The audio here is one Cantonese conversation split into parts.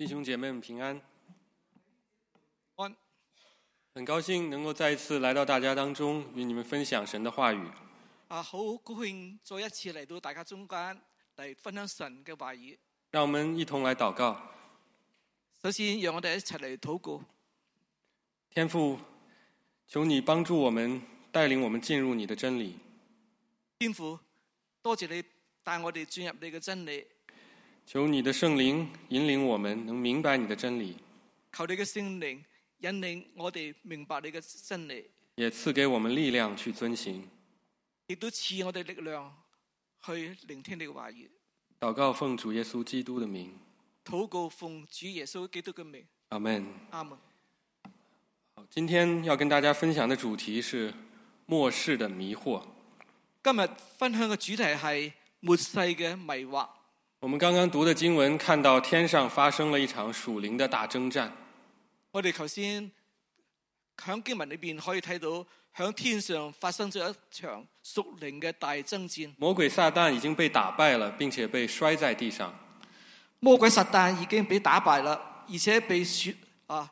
弟兄姐妹們平安，安，很高興能夠再一次來到大家當中，與你們分享神的話語。啊，好高興再一次嚟到大家中間，嚟分享神嘅話語。讓我們一同來禱告。首先，讓我哋一齊嚟禱告。天父，求你幫助我們，帶領我們進入你的真理。天父，多謝你帶我哋進入你嘅真理。求你的聖靈引領我們，能明白你的真理。求你嘅聖靈引領我哋明白你嘅真理，也賜給我們力量去遵行。亦都賜我哋力量去聆聽你嘅話語。禱告，奉主耶穌基督的名。禱告，奉主耶穌基督嘅名。阿門。阿門。好，今天要跟大家分享的主題是末世的迷惑。今日分享嘅主題係末世嘅迷惑。我們剛剛讀的經文，看到天上發生了一場屬靈的大爭戰。我哋頭先響經文裏邊可以睇到，響天上發生咗一場屬靈嘅大爭戰。魔鬼撒旦已經被打敗了，並且被摔在地上。魔鬼撒旦已經被打敗了，而且被雪啊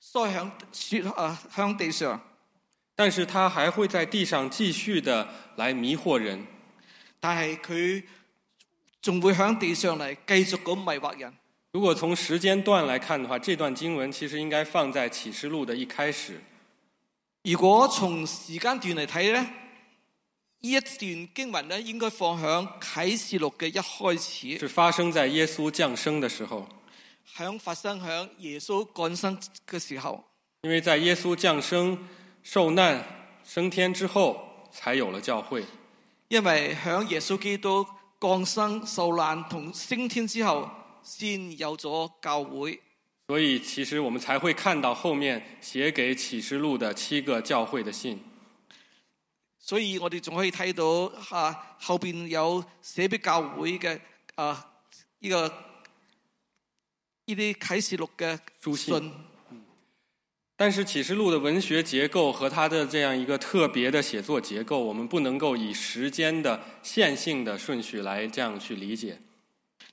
摔響雪啊響地上。但是他還會在地上繼續的來迷惑人。但係佢。仲會喺地上嚟繼續咁迷惑人。如果從時間段來看的話，這段經文其實應該放在啟示錄的一開始。如果從時間段嚟睇咧，呢一段經文咧應該放喺啟示錄嘅一開始。就發生在耶穌降生的時候。響發生響耶穌降生嘅時候。因為在耶穌降生、受難、升天之後，才有了教會。因為響耶穌基督。降生受難同升天之後，先有咗教會。所以其實我們才會看到後面寫給啟示錄的七個教會的信。所以我哋仲可以睇到啊，後面有寫俾教會嘅啊呢、這個呢啲啟示錄嘅書信。但是《啟示錄》的文學結構和他的這樣一個特別的寫作結構，我們不能夠以時間的線性的順序來這樣去理解。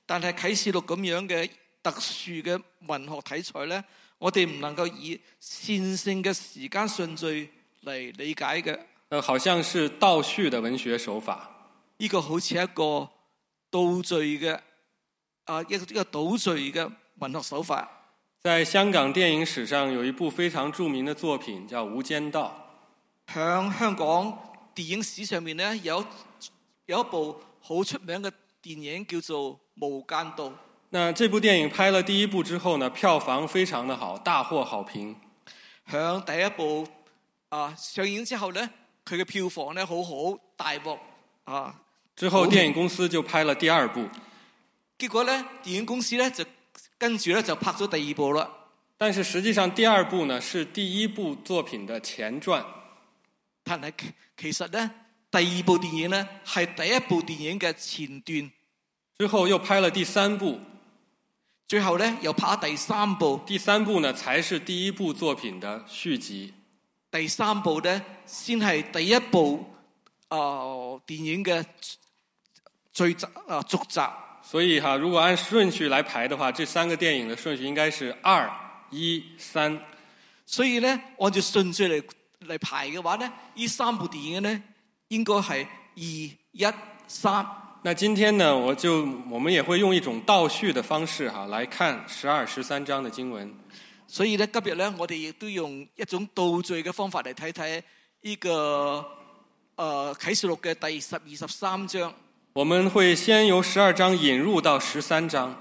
但係《啟示錄》咁樣嘅特殊嘅文學題材咧，我哋唔能夠以線性嘅時間順序嚟理解嘅。嗯、呃，好像是倒敘的文學手法。呢、呢個好似一個倒敘嘅，啊，一個呢個倒敘嘅文學手法。在香港電影史上有一部非常著名的作品叫《無間道》。喺香港電影史上面呢，有有一部好出名嘅電影叫做《無間道》。那這部電影拍了第一部之後呢，票房非常的好，大獲好評。喺第一部啊上映之後呢，佢嘅票房呢好好大獲啊。之後電影公司就拍了第二部。結果呢，電影公司呢就。跟住咧就拍咗第二部啦。但是實際上第二部呢，是第一部作品的前傳。但係其實呢，第二部電影呢，係第一部電影嘅前段。最後又拍了第三部，最後呢，又拍了第三部。第三部呢，才是第一部作品的續集。第三部呢，先係第一部誒、呃、電影嘅續續集。呃，續集所以哈，如果按順序來排的話，這三個電影的順序應該是二一三。所以咧，按照順序嚟嚟排嘅話咧，呢三部電影咧應該係二一三。那今天呢，我就我們也會用一種倒序的方式哈，來看十二十三章的經文。所以咧，今日咧，我哋亦都用一種倒序嘅方法嚟睇睇呢個誒、呃、啟示錄嘅第十二十三章。我們會先由十二章引入到十三章，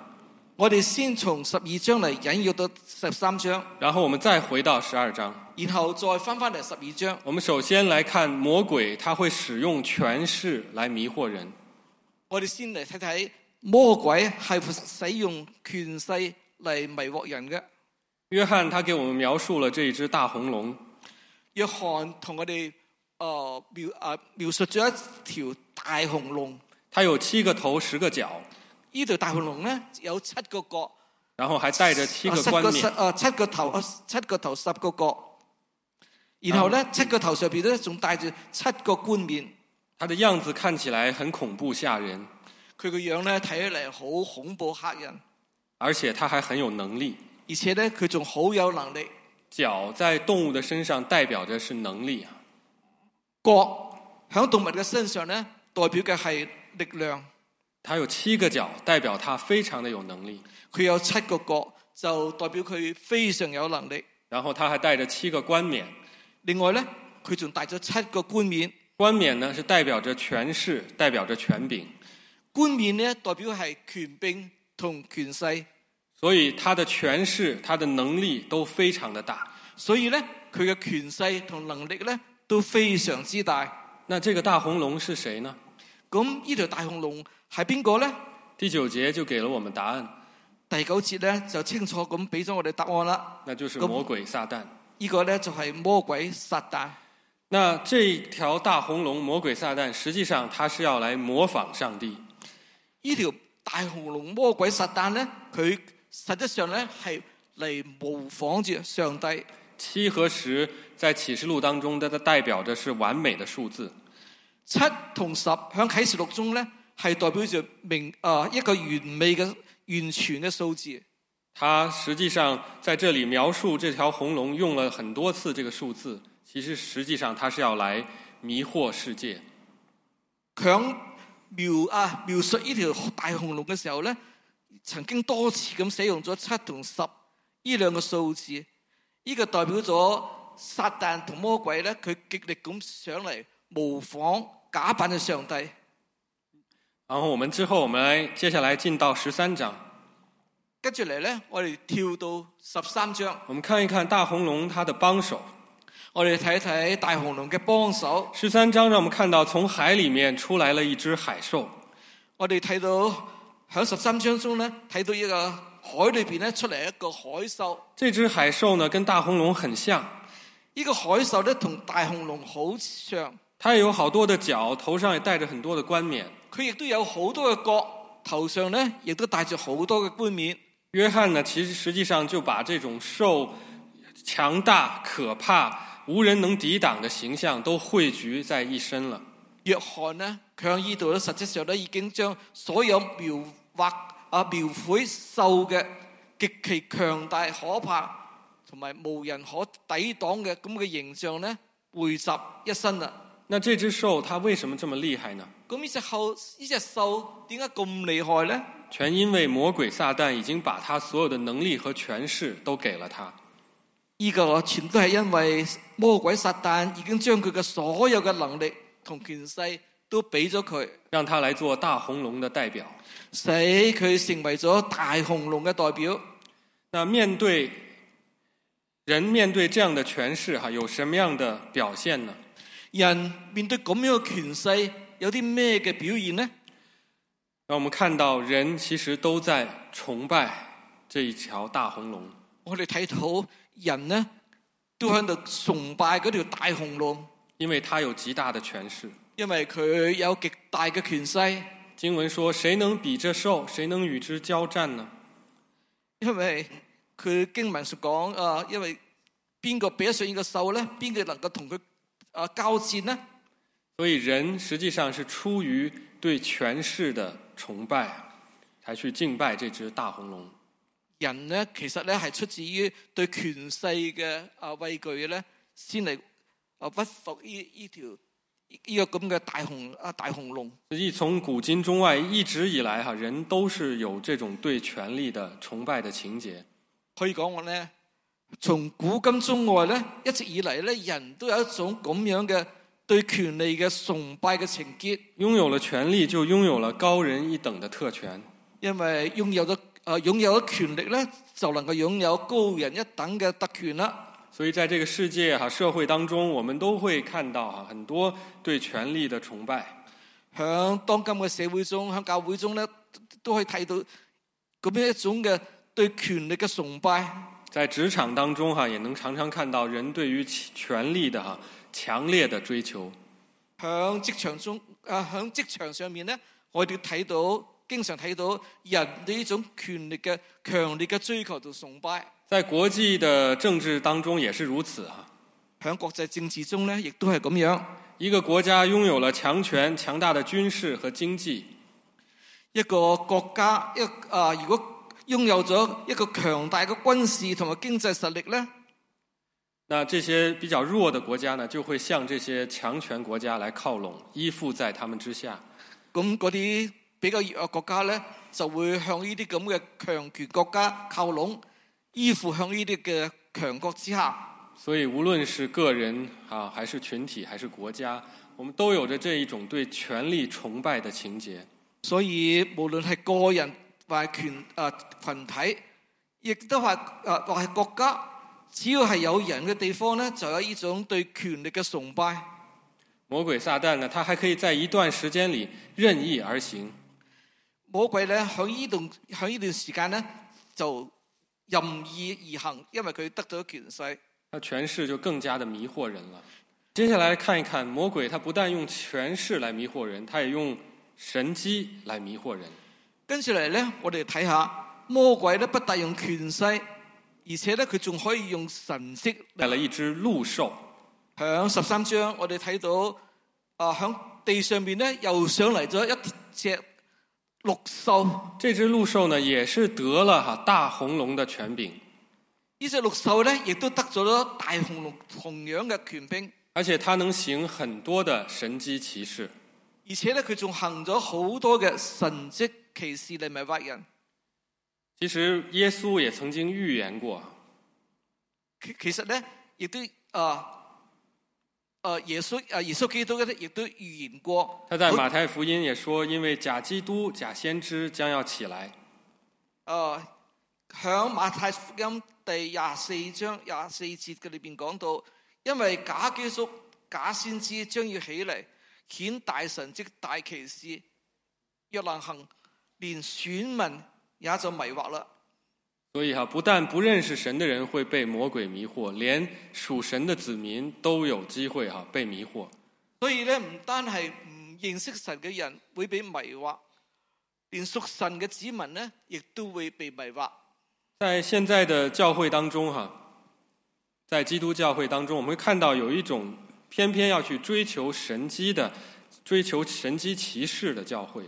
我哋先從十二章嚟引入到十三章，然後我們再回到十二章，然後再返返嚟十二章。我們首先來看魔鬼他會使用權勢來迷惑人，我哋先嚟睇睇魔鬼係使用權勢嚟迷惑人嘅。約翰他給我們描述了這一隻大紅龍，約翰同我哋、呃、描述咗一條大紅龍。它有七個頭十個角，呢條大紅龍咧有七個角，然後還帶着七個冠面，啊七,七個頭啊七個頭十個角，然後咧、嗯、七個頭上邊咧仲帶住七個冠面。它的樣子看起來很恐怖嚇人，佢個樣咧睇起嚟好恐怖嚇人，而且它還很有能力，而且咧佢仲好有能力。腳在動物的身上代表的是能力啊，角響動物嘅身上咧代表嘅係。力量，他有七個角，代表他非常的有能力。佢有七個角，就代表佢非常有能力。然後他還帶着七個冠冕，另外呢，佢仲帶咗七個冠冕。冠冕呢，是代表着權勢，代表着權柄。冠冕呢，代表係權柄同權勢。所以他的權勢，他的能力都非常的大。所以呢，佢嘅權勢同能力呢，都非常之大。那這個大紅龍是誰呢？咁呢條大紅龍係邊個呢？第九節就給了我們答案。第九節咧，就清楚咁俾咗我哋答案啦。那就是魔鬼撒旦。呢個咧，就係魔鬼撒旦。那這條大紅龍魔鬼撒旦，實際上他是要來模仿上帝。呢條大紅龍魔鬼撒旦咧，佢實際上咧係嚟模仿住上帝。七和十在啟示錄當中，它代表着是完美的數字。七同十喺啟示錄中咧，係代表著明啊、呃、一個完美嘅、完全嘅數字。他實際上在這裏描述這條紅龍，用了很多次這個數字，其實實際上他是要來迷惑世界。響描啊描述呢條大紅龍嘅時候咧，曾經多次咁使用咗七同十呢兩個數字，呢、這個代表咗撒旦同魔鬼咧，佢極力咁上嚟模仿。假扮嘅上帝，然後我們之後，我們接下來進到十三章。跟住嚟呢，我哋跳到十三章。我們看一看大紅龍，它的幫手。我哋睇一睇大紅龍嘅幫手。十三章，讓我們看到從海裏面出來了一隻海獸。我哋睇到喺十三章中呢，睇到一個海裏邊出嚟一個海獸。這隻海獸呢，跟大紅龍很像。呢、這個海獸呢，同大紅龍好像。這個他有好多的角，頭上也戴着很多的冠冕。佢亦都有好多嘅角，頭上呢亦都戴着好多嘅冠冕。約翰呢，其實實際上就把這種獸強大、可怕、無人能抵擋的形象都匯聚在一身了。約翰呢，佢喺呢度咧，實際上都已經將所有描畫啊描繪獸嘅極其強大、可怕同埋無人可抵擋嘅咁嘅形象呢，匯集一身啦。那這隻獸，它為什麼這麼厲害呢？咁呢隻猴，呢隻獸點解咁厲害呢？全因為魔鬼撒旦已經把他所有的能力和權勢都給了他。依、呢個全都係因為魔鬼撒旦已經將佢嘅所有嘅能力同權勢都俾咗佢，讓他來做大紅龍的代表。使佢成為咗大紅龍嘅代表。那面對人面對這樣的權勢，哈，有什麼樣的表現呢？人面對咁樣嘅權勢，有啲咩嘅表現呢？那我們看到人其實都在崇拜這一條大紅龍。我哋睇到人呢，都喺度崇拜嗰條大紅龍，因為他有極大的權勢。因為佢有極大嘅權勢。經文說：誰能比這獸？誰能與之交戰呢？因為佢經文說講啊，因為邊個比得上呢個獸咧？邊個能夠同佢？呃、啊，交戰呢？所以人實際上是出於對權勢的崇拜，才去敬拜這隻大紅龍。人呢，其實呢，係出自於對權勢嘅啊畏懼咧，先嚟啊屈服於呢條呢個咁嘅大紅啊大紅龍。實際從古今中外，一直以來哈，人都是有這種對權力的崇拜的情節。可以講我呢？從古今中外咧，一直以來咧，人都有一種咁樣嘅對權力嘅崇拜嘅情結。擁有了權力，就擁有了高人一等的特權。因為擁有咗，誒，擁有咗權力咧，就能夠擁有高人一等嘅特權啦。所以，在這個世界哈社會當中，我們都會看到哈很多對權力的崇拜。喺當今嘅社會中，喺教會中咧，都可以睇到咁樣一種嘅對權力嘅崇拜。在職場當中哈、啊，也能常常看到人對於權力的哈、啊、強烈的追求。喺職場中，啊喺職場上面咧，我哋睇到經常睇到人對呢種權力嘅強烈嘅追求同崇拜。在國際的政治當中也是如此哈。喺國際政治中咧，亦都係咁樣。一個國家擁有了強權、強大的軍事和經濟，一個國家一啊如果。擁有咗一個強大嘅軍事同埋經濟實力呢，那這些比較弱的國家呢，就會向這些強權國家來靠攏，依附在他們之下。咁嗰啲比較弱國家呢，就會向呢啲咁嘅強權國家靠攏，依附向呢啲嘅強國之下。所以無論是個人啊，還是群體，還是國家，我們都有着這一種對權力崇拜的情結。所以無論係個人。或係誒群、呃、群體，亦都係誒或係國家，只要係有人嘅地方咧，就有呢種對權力嘅崇拜。魔鬼撒旦呢，他還可以在一段時間裏任意而行。魔鬼咧響呢段響呢段時間咧，就任意而行，因為佢得到權勢。那權勢就更加的迷惑人了。接下來，來看一看魔鬼，他不但用權勢來迷惑人，他也用神機來迷惑人。跟住嚟咧，我哋睇下魔鬼咧，不但用權勢，而且咧佢仲可以用神迹，帶嚟，一隻鹿獸，喺十三章我哋睇到啊，喺、呃、地上面咧又上嚟咗一隻鹿獸。這隻鹿獸呢，也是得了哈大紅龍的權柄。呢隻鹿獸咧，亦都得咗大紅龍同樣嘅權柄。而且它能行很多的神迹奇事，而且咧佢仲行咗好多嘅神迹。奇事，你咪屈人。其實耶穌也曾經預言過。其實咧，亦都啊，誒耶穌啊耶穌基督嘅，亦都預言過。他在馬太福音也說，因為假基督、假先知將要起來。誒，響馬太福音第廿四章廿四節嘅裏邊講到，因為假基督、假先知將要起嚟，顯大神蹟大奇事，若能行。連選民也就迷惑啦。所以哈，不但不認識神的人會被魔鬼迷惑，連屬神的子民都有機會哈被迷惑。所以呢唔單係唔認識神嘅人會被迷惑，連屬神嘅子民呢，亦都會被迷惑。在現在的教會當中哈，在基督教會當中，我們會看到有一種偏偏要去追求神蹟的追求神蹟奇事的教會。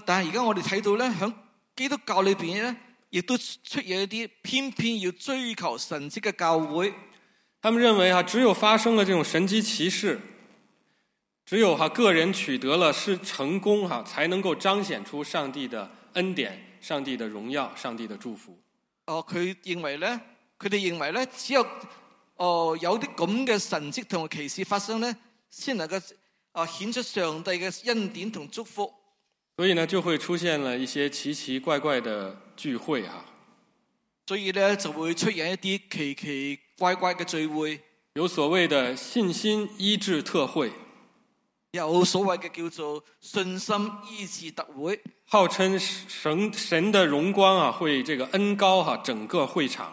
但係而家我哋睇到咧，響基督教裏邊咧，亦都出現一啲偏偏要追求神跡嘅教會。他們認為啊，只有發生了這種神跡奇事，只有哈個人取得了是成功哈，才能夠彰顯出上帝的恩典、上帝的榮耀、上帝的祝福。哦，佢認為咧，佢哋認為咧，只有哦有啲咁嘅神跡同埋奇事發生咧，先能夠啊顯出上帝嘅恩典同祝福。所以呢，就會出現了一些奇奇怪怪的聚會啊。所以呢，就會出現一啲奇奇怪怪嘅聚會，有所謂的信心醫治特會，有所謂嘅叫做信心醫治特會，號稱神神的榮光啊，會這個恩高哈、啊，整個會場。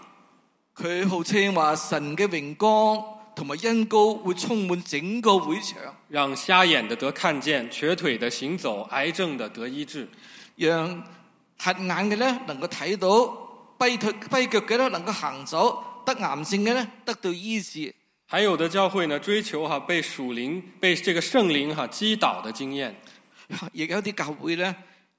佢號稱話神嘅榮光。同埋因高會充滿整個會場，讓瞎眼的得看見，瘸腿的行走，癌症的得醫治，讓瞎眼嘅咧能夠睇到，跛腿跛腳嘅咧能夠行走，得癌症嘅咧得到醫治。還有的教會呢追求哈被屬靈被這個聖靈哈擊倒的經驗，亦有啲教會呢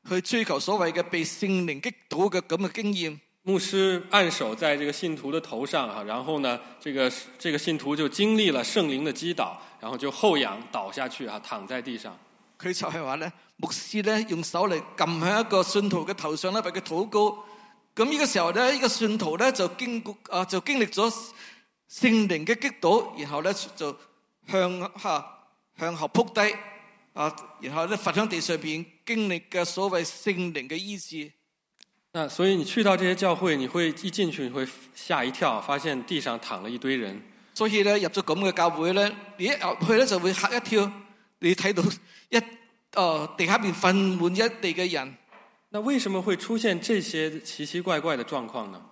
去追求所謂嘅被聖靈擊倒嘅咁嘅經驗。牧師按手在這個信徒的頭上然後呢，這個這個信徒就經歷了聖靈的擊倒，然後就後仰倒下去躺在地上。佢就係話呢，牧師呢，用手嚟，撳喺一個信徒嘅頭上咧，俾佢禱告。咁、這、呢個時候呢，呢、這個信徒呢，就經過啊，就經歷咗聖靈嘅擊倒，然後呢，就向下向後撲低啊，然後呢，伏喺地上邊經歷嘅所謂聖靈嘅醫治。那所以你去到這些教會，你會一進去你會嚇一跳，發現地上躺了一堆人。所以咧，入咗咁嘅教會咧，你一入去咧就會嚇一跳，你睇到一哦地下邊瞓滿一地嘅人。那為什麼會出現這些奇奇怪怪的狀況呢？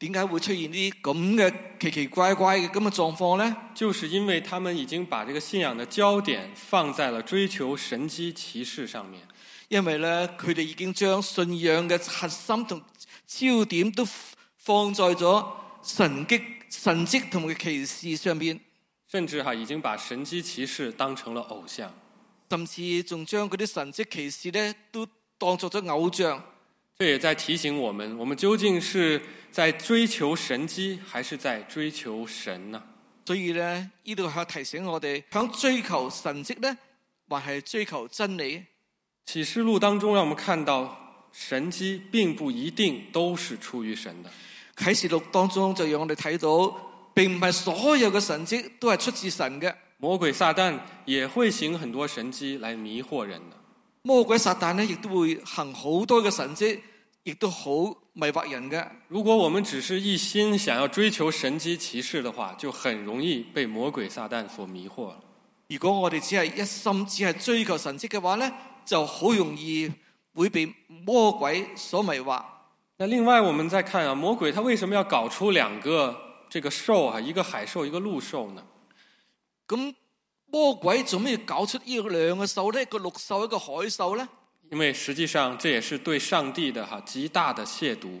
點解會出現呢啲咁嘅奇奇怪怪嘅咁嘅狀況咧？就是因為他們已經把這個信仰的焦點放在了追求神蹟奇事上面。因為咧，佢哋已經將信仰嘅核心同焦點都放在咗神蹟、神蹟同埋奇事上邊。甚至哈，已經把神蹟奇事當成了偶像。甚至仲將嗰啲神蹟奇事咧，都當作咗偶像。這也在提醒我們，我們究竟是在追求神蹟，還是在追求神呢？所以呢，呢度係提醒我哋，想追求神蹟呢，還是追求真理？啟示錄當中，讓我們看到神蹟並不一定都是出於神的。啟示錄當中就讓我們睇到，並唔係所有嘅神蹟都是出自神的。魔鬼撒旦也會行很多神蹟來迷惑人。魔鬼撒旦呢，亦都會行好多嘅神蹟，亦都好迷惑人的。如果我們只是一心想要追求神蹟奇事的話，就很容易被魔鬼撒旦所迷惑。如果我哋只係一心只係追求神蹟嘅話呢，就好容易會被魔鬼所迷惑。那另外我們再看啊，魔鬼他為什麼要搞出兩個這個獸啊？一個海獸，一個陸獸呢？咁魔鬼做咩要搞出呢兩個獸呢？一個陸獸，一個海獸呢？因為實際上這也是對上帝的哈極大的褻瀆。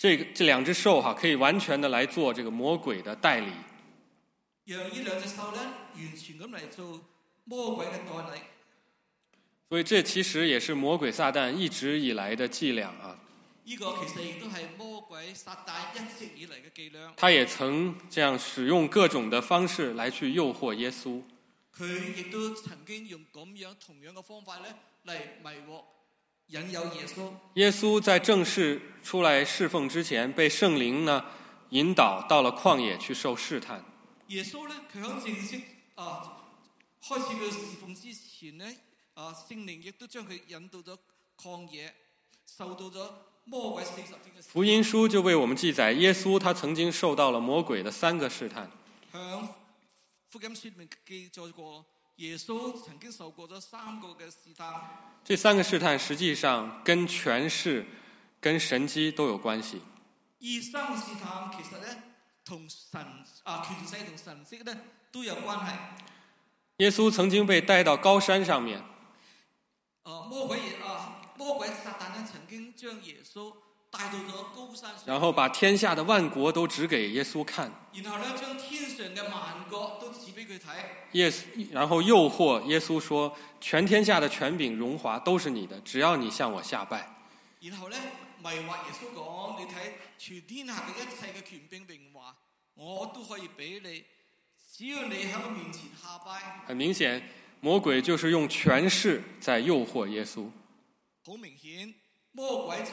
這這兩隻獸哈，可以完全地來做這個魔鬼的代理。讓呢兩隻獸呢，完全咁嚟做魔鬼嘅代理。所以這其實也是魔鬼撒旦一直以來的伎倆啊。呢、這個其實亦都係魔鬼撒旦一直以來嘅伎倆。他也曾這樣使用各種的方式來去誘惑耶穌。佢亦都曾經用咁樣同樣嘅方法咧嚟迷惑。引有耶穌，耶穌在正式出來侍奉之前，被聖靈呢引導到了曠野去受試探。耶穌呢佢響正式啊開始佢侍奉之前呢，啊，聖靈亦都將佢引導咗曠野，受到咗魔鬼試探。福音書就為我們記載，耶穌他曾經受到了魔鬼的三個試探。響福音書裏面記耶穌曾經受過咗三個嘅試探，這三個試探實際上跟權勢、跟神蹟都有關係。以上嘅試探其實咧，同神啊權勢同神蹟咧都有關係。耶穌曾經被帶到高山上面。呃、魔鬼啊，魔鬼撒旦啊，曾經將耶穌。帶到咗高山。然後把天下的萬國都指給耶穌看。然後呢，將天上嘅萬國都指俾佢睇。耶穌，然後誘惑耶穌說：全天下的權柄、榮華都是你的，只要你向我下拜。然後呢，迷惑耶穌講，你睇全天下嘅一切嘅權柄榮華，我都可以俾你，只要你喺我面前下拜。很明顯，魔鬼就是用權勢在誘惑耶穌。好明顯，魔鬼將。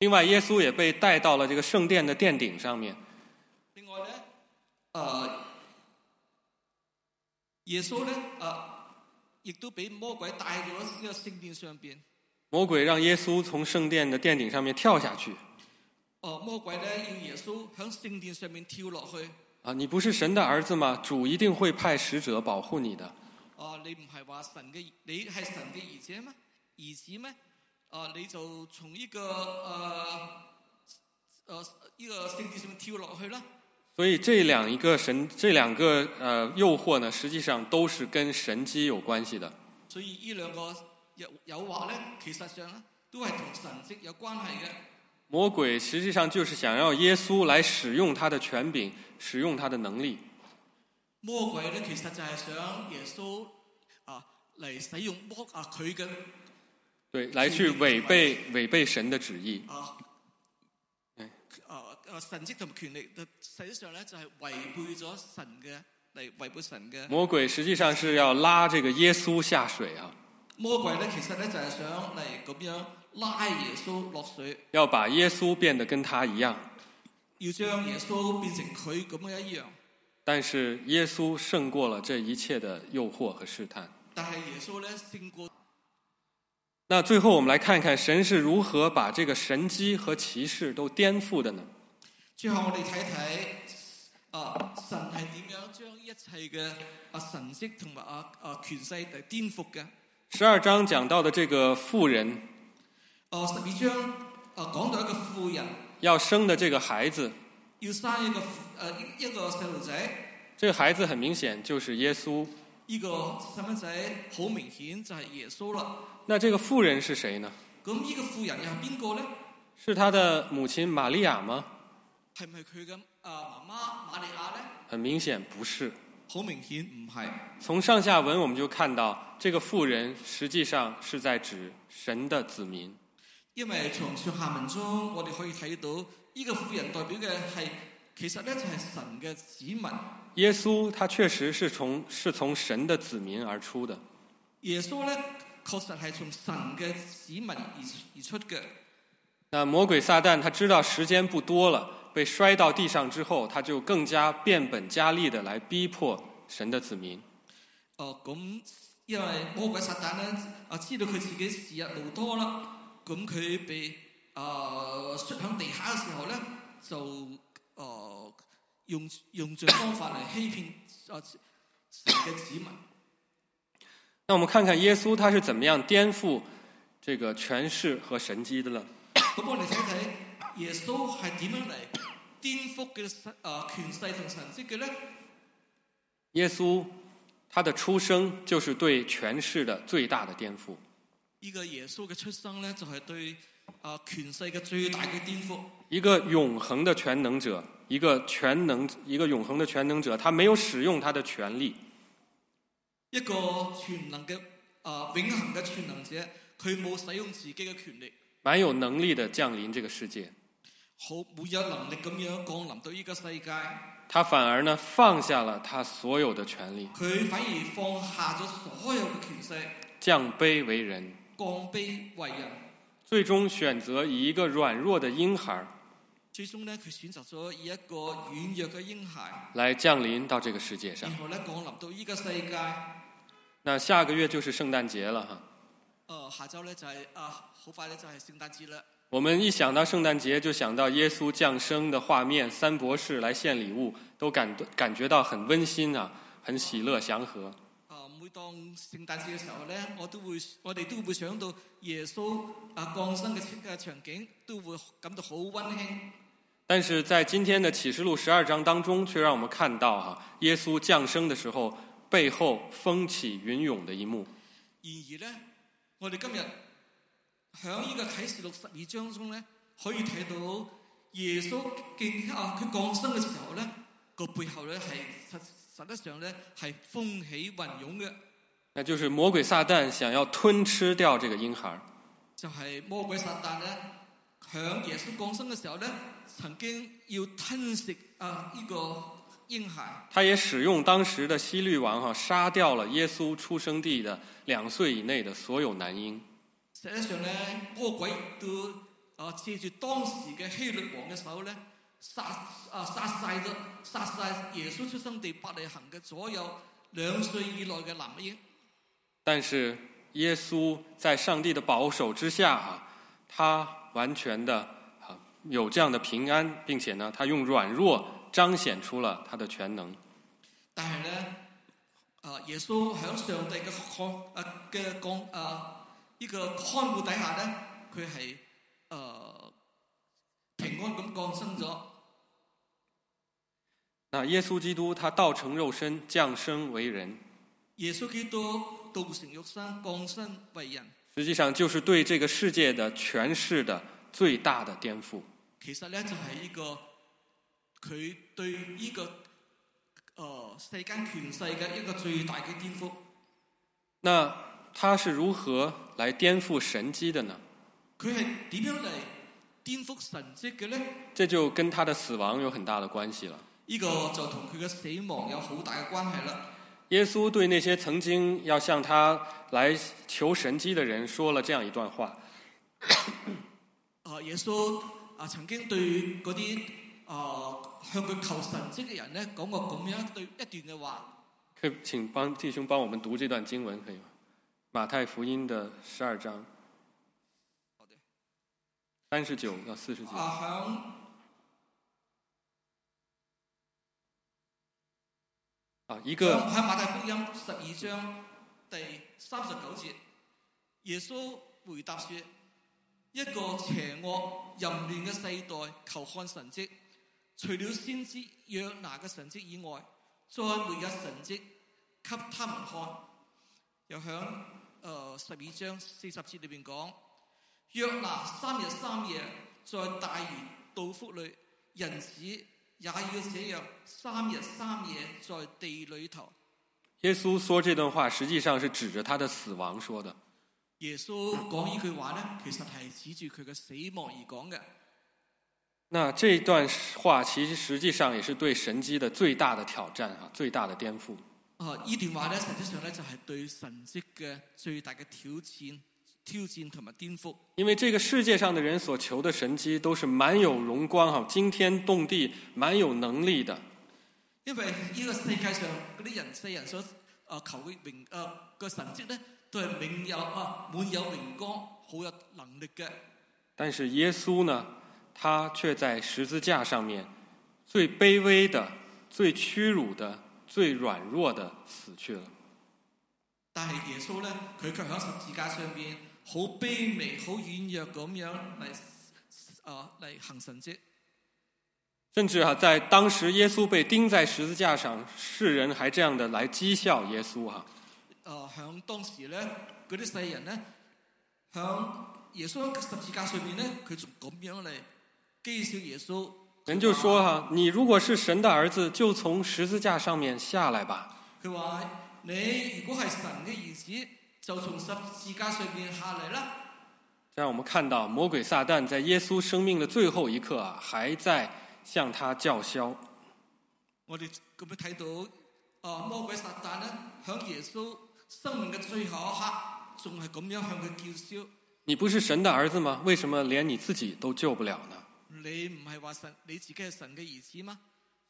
另外，耶穌也被帶到了這個聖殿的殿頂上面。另外呢，呃，耶穌呢，呃，亦都被魔鬼帶到了聖殿上邊。魔鬼讓耶穌從聖殿的殿頂上面跳下去。哦、呃，魔鬼呢，用耶穌向聖殿上面跳落去。啊、呃，你不是神的兒子嗎？主一定會派使者保護你的。啊、呃，你唔係話神嘅，你係神嘅兒子咩？兒子咩？啊！你就從一個誒誒一個聖地上面跳落去啦。所以這兩個神，這兩個誒誘惑呢，實際上都是跟神蹟有關係的。所以兩呢兩個誘惑咧，其實上都係同神蹟有關係嘅。魔鬼實際上就是想要耶穌來使用他的權柄，使用他的能力。魔鬼咧其實就係想耶穌啊嚟使用摸啊佢嘅。對，來去違背違背神的旨意。啊，呃，呃，神職同權力，實際上咧就係違背咗神嘅，嚟違背神嘅。魔鬼實際上是要拉這個耶穌下水啊！魔鬼咧，其實咧就係、是、想嚟咁樣拉耶穌落水。要把耶穌變得跟他一樣。要將耶穌變成佢咁嘅一樣。但是耶穌勝過了這一切的誘惑和試探。但係耶穌咧勝過。那最後，我們來看一看神是如何把這個神蹟和奇事都顛覆的呢？最後我哋睇睇啊，神係點樣將一切嘅啊神蹟同埋啊啊權勢嚟顛覆嘅？十二章講到嘅這個婦人，哦，十二章啊講到一個婦人要生的這個孩子，要生一個呃一個細路仔，這個孩子很明顯就是耶穌。呢個細蚊仔好明顯就係耶穌啦。那這個婦人是誰呢？咁呢個婦人又係邊個呢？是他的母親瑪利亞嗎？係唔係佢嘅啊媽媽瑪利亞呢？很明顯不是。好明顯唔係。從上下文我們就看到，這個婦人實際上是在指神的子民。因為從上下文中我哋可以睇到，呢個婦人代表嘅係。其實咧就係、是、神嘅子民。耶穌他確實是從是從神的子民而出的。耶穌咧，確實係從神嘅子民而而出嘅。那魔鬼撒旦，他知道時間不多了，被摔到地上之後，他就更加變本加厲的來逼迫神的子民。哦、呃，咁因為魔鬼撒旦咧，啊知道佢自己時間唔多啦，咁佢被啊、呃、摔響地下嘅時候咧就。哦、呃，用用盡方法嚟欺騙啊，神嘅子民。那我們看看耶穌他是怎麼樣顛覆這個權勢和神蹟的呢？咁我哋睇睇耶穌係點樣嚟顛覆嘅啊、呃、權勢同神蹟嘅咧？耶穌他的出生就是對權勢的最大的顛覆。呢、這個耶穌嘅出生咧就係、是、對啊、呃、權勢嘅最大嘅顛覆。一個永恒的全能者，一個全能，一個永恒的全能者，他沒有使用他的權力。一個全能嘅啊、呃、永恒嘅全能者，佢冇使用自己嘅權力。滿有能力地降臨這個世界。好，冇有能力咁樣降臨到呢個世界。他反而呢放下了他所有的權力。佢反而放下咗所有嘅權勢。降卑為人。降卑為人。最終選擇以一個軟弱的嬰孩最終呢，佢選擇咗以一個軟弱嘅嬰孩來降臨到這個世界上。然後呢降臨到依個世界。那下個月就是聖誕節了哈、哦。下週呢，就係、是、啊，好快呢，就係聖誕節啦。我們一想到聖誕節，就想到耶穌降生的畫面，三博士來獻禮物，都感感覺到很温馨啊，很喜樂祥和。啊、哦，每當聖誕節嘅時候呢，我都會我哋都會想到耶穌啊降生嘅出嘅場景，都會感到好温馨。但是在今天的啟示錄十二章當中，卻讓我們看到哈、啊，耶穌降生的時候背後風起雲湧的一幕。然而呢，我哋今日響呢個啟示錄十二章中呢，可以睇到耶穌降啊，佢降生嘅時候呢，個背後咧，係實實質上咧係風起雲湧嘅。那就是魔鬼撒旦想要吞吃掉這個嬰孩。就係、是、魔鬼撒旦咧。喺耶穌降生嘅時候咧，曾經要吞食啊呢個嬰孩。他也使用當時的希律王哈，殺掉了耶穌出生地的兩歲以內的所有男嬰。實際上咧，魔鬼都啊借助當時嘅希律王嘅手咧，殺啊殺晒咗殺晒耶穌出生地伯利恆嘅所有兩歲以內嘅男嬰。但是耶穌在上帝的保守之下哈。他完全的啊，有這樣的平安，並且呢，他用軟弱彰顯出了他的全能。但係咧啊，耶穌響上帝嘅看啊嘅講啊，呢、呃、個看護底下咧，佢係啊平安噉降生咗。那耶穌基督他道成肉身降生為人。耶穌基督道成肉身降生為人。實際上就是對這個世界的權勢的最大的顛覆。其實呢，就係、是、呢個，佢對呢個，呃世間權勢嘅一個最大嘅顛覆。那他是如何來顛覆神蹟的呢？佢係點樣嚟顛覆神蹟嘅呢？這就跟他的死亡有很大的關係了。呢、呢個就同佢嘅死亡有好大嘅關係啦。耶穌對那些曾經要向他來求神蹟的人說了這樣一段話。啊、呃，耶穌啊、呃，曾經對嗰啲啊向佢求神蹟嘅人咧，講過咁樣對一段嘅話。可請幫弟兄幫我們讀這段經文，可以嗎？馬太福音的十二章，三十九到四十幾。啊喺馬太福音十二章第三十九節，耶穌回答說：一個邪惡淫亂嘅世代求看神跡，除了先知約拿嘅神跡以外，再沒有神跡給他們看。又喺誒十二章四十節裏邊講，約拿三日三夜在大魚肚腹裏，人子。也要這樣三日三夜在地裏頭。耶穌說這段話，實際上是指着他的死亡說的。耶穌講呢句話呢，其實係指住佢嘅死亡而講嘅。那這段話其實實際上也是對神蹟的最大的挑戰啊，最大的顛覆。啊，呢段話呢，實際上呢，就係對神蹟嘅最大嘅挑戰。.挑戰同埋顛覆，因為這個世界上的人所求的神蹟都是滿有榮光哈，驚天動地，滿有能力的。因為呢個世界上嗰啲人世人所求嘅榮啊個神蹟呢，都係名有啊滿有榮光，好有能力嘅。但是耶穌呢，他卻在十字架上面最卑微的、最屈辱的、最軟弱的死去了。但係耶穌呢，佢卻喺十字架上邊。好卑微、好軟弱咁樣嚟啊嚟行神職，甚至哈，在當時耶穌被釘在十字架上，世人還這樣的來譏笑耶穌哈。啊，喺當時咧，嗰啲世人咧，喺耶穌十字架上面咧，佢仲咁樣嚟譏笑耶穌。人就說哈、啊啊，你如果是神的兒子，就從十字架上面下來吧。佢話：你如果係神嘅兒子。就從十字架上面下來了。讓我們看到魔鬼撒旦在耶穌生命的最後一刻，啊，還在向他叫囂。我哋咁樣睇到，啊、哦，魔鬼撒旦呢，響耶穌生命嘅最後一刻，仲係咁樣向佢叫囂。你不是神的兒子嗎？為什麼連你自己都救不了呢？你唔係話神，你自己係神嘅兒子嗎？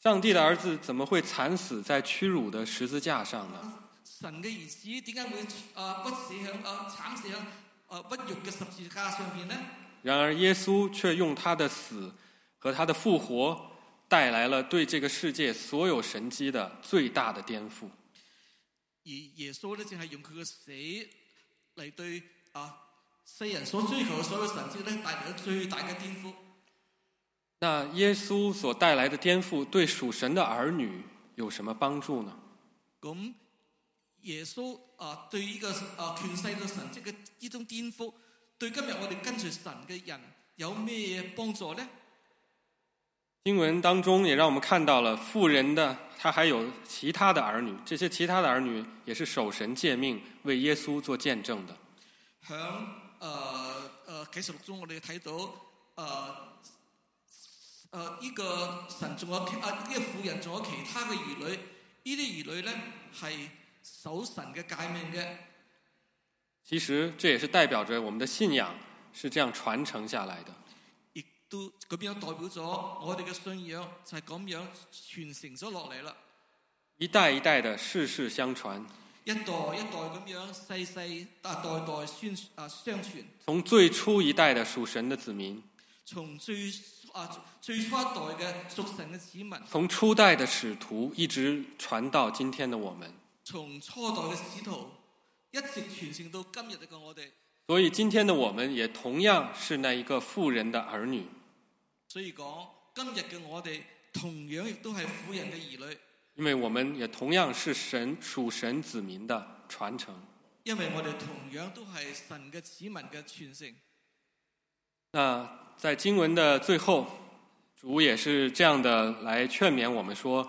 上帝的兒子怎麼會慘死在屈辱的十字架上呢？神嘅意旨點解會啊不死響啊慘死響啊不肉嘅十字架上邊呢？然而耶穌卻用他的死和他的復活帶來了對這個世界所有神蹟的最大的顛覆。而耶穌呢淨係用佢個死嚟對啊世人所追求嘅所有神蹟咧帶來最大嘅顛覆。那耶穌所帶來的顛覆對屬神的兒女有什麼幫助呢？咁、嗯。耶穌啊，對呢個啊權勢嘅神蹟嘅呢種顛覆，對今日我哋跟隨神嘅人有咩幫助呢？經文當中也讓我們看到了婦人的，他還有其他的兒女，這些其他的兒女也是守神誡命，為耶穌做見證的。喺誒誒啟示錄中我，我哋睇到誒誒呢個神仲有啊呢、這個婦人仲有其他嘅兒女，女呢啲兒女咧係。守神嘅誡命嘅，其實這也是代表着我們的信仰是這樣傳承下來的。亦都咁樣代表咗我哋嘅信仰就係咁樣傳承咗落嚟啦，一代一代嘅世世相傳，一代一代咁樣世世啊代代宣啊相傳。從最初一代嘅屬神嘅子民，從最啊最初一代嘅屬神嘅子民，從初代嘅使徒一直傳到今天的我們。從初代嘅使徒一直傳承到今日嘅我哋，所以今天的我們也同樣是那一個富人的兒女。所以講今日嘅我哋同樣亦都係富人嘅兒女，因為我們也同樣是神屬神子民的傳承。因為我哋同樣都係神嘅子民嘅傳承。那在經文的最後，主也是這樣的來勸勉我們說。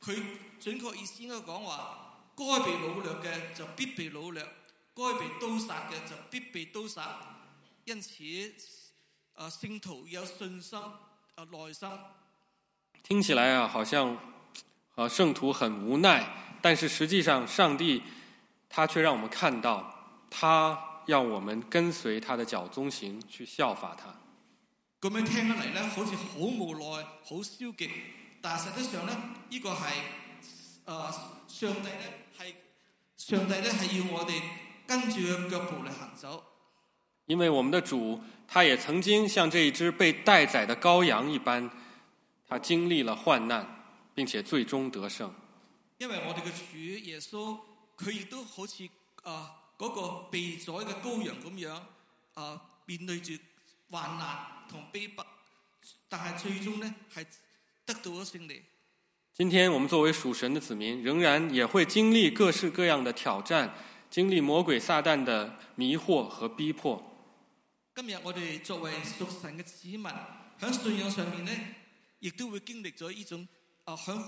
佢準確意思應該講話，該被擄掠嘅就必被擄掠，該被刀殺嘅就必被刀殺。因此，啊聖徒有信心啊耐心。聽起來啊，好像啊聖徒很無奈，但是實際上上帝他卻讓我們看到，他要我們跟隨他的腳蹤行，去效法他。咁樣聽起嚟咧，好似好無奈，好消極。但係實際上咧，呢、這個係啊、呃、上帝咧係上帝咧係要我哋跟住佢腳步嚟行走，因為我們的主他也曾經像這一隻被待宰的羔羊一般，他經歷了患難，並且最終得勝。因為我哋嘅主耶穌，佢亦都好似啊嗰個被宰嘅羔羊咁樣啊、呃、面對住患難同悲不，但係最終呢係。得到勝利。今天我們作為屬神的子民，仍然也會經歷各式各樣的挑戰，經歷魔鬼撒旦的迷惑和逼迫。今日我哋作為屬神嘅子民，響信仰上面呢，亦都會經歷咗一種啊，響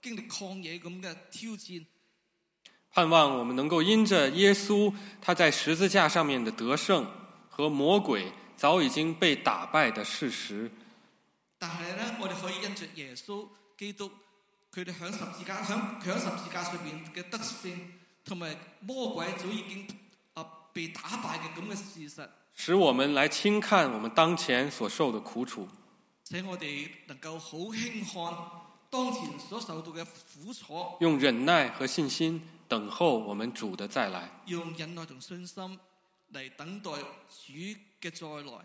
經歷曠野咁嘅挑戰。盼望我們能夠因着耶穌他在十字架上面的得勝，和魔鬼早已經被打敗的事實。但係咧，我哋可以因着耶穌基督，佢哋喺十字架喺喺十字架上邊嘅得勝，同埋魔鬼早已經啊被打敗嘅咁嘅事實，使我們來輕看我們當前所受嘅苦楚，使我哋能夠好輕看當前所受到嘅苦楚，用忍耐和信心等候我們主的再來，用忍耐同信心嚟等待主嘅再來。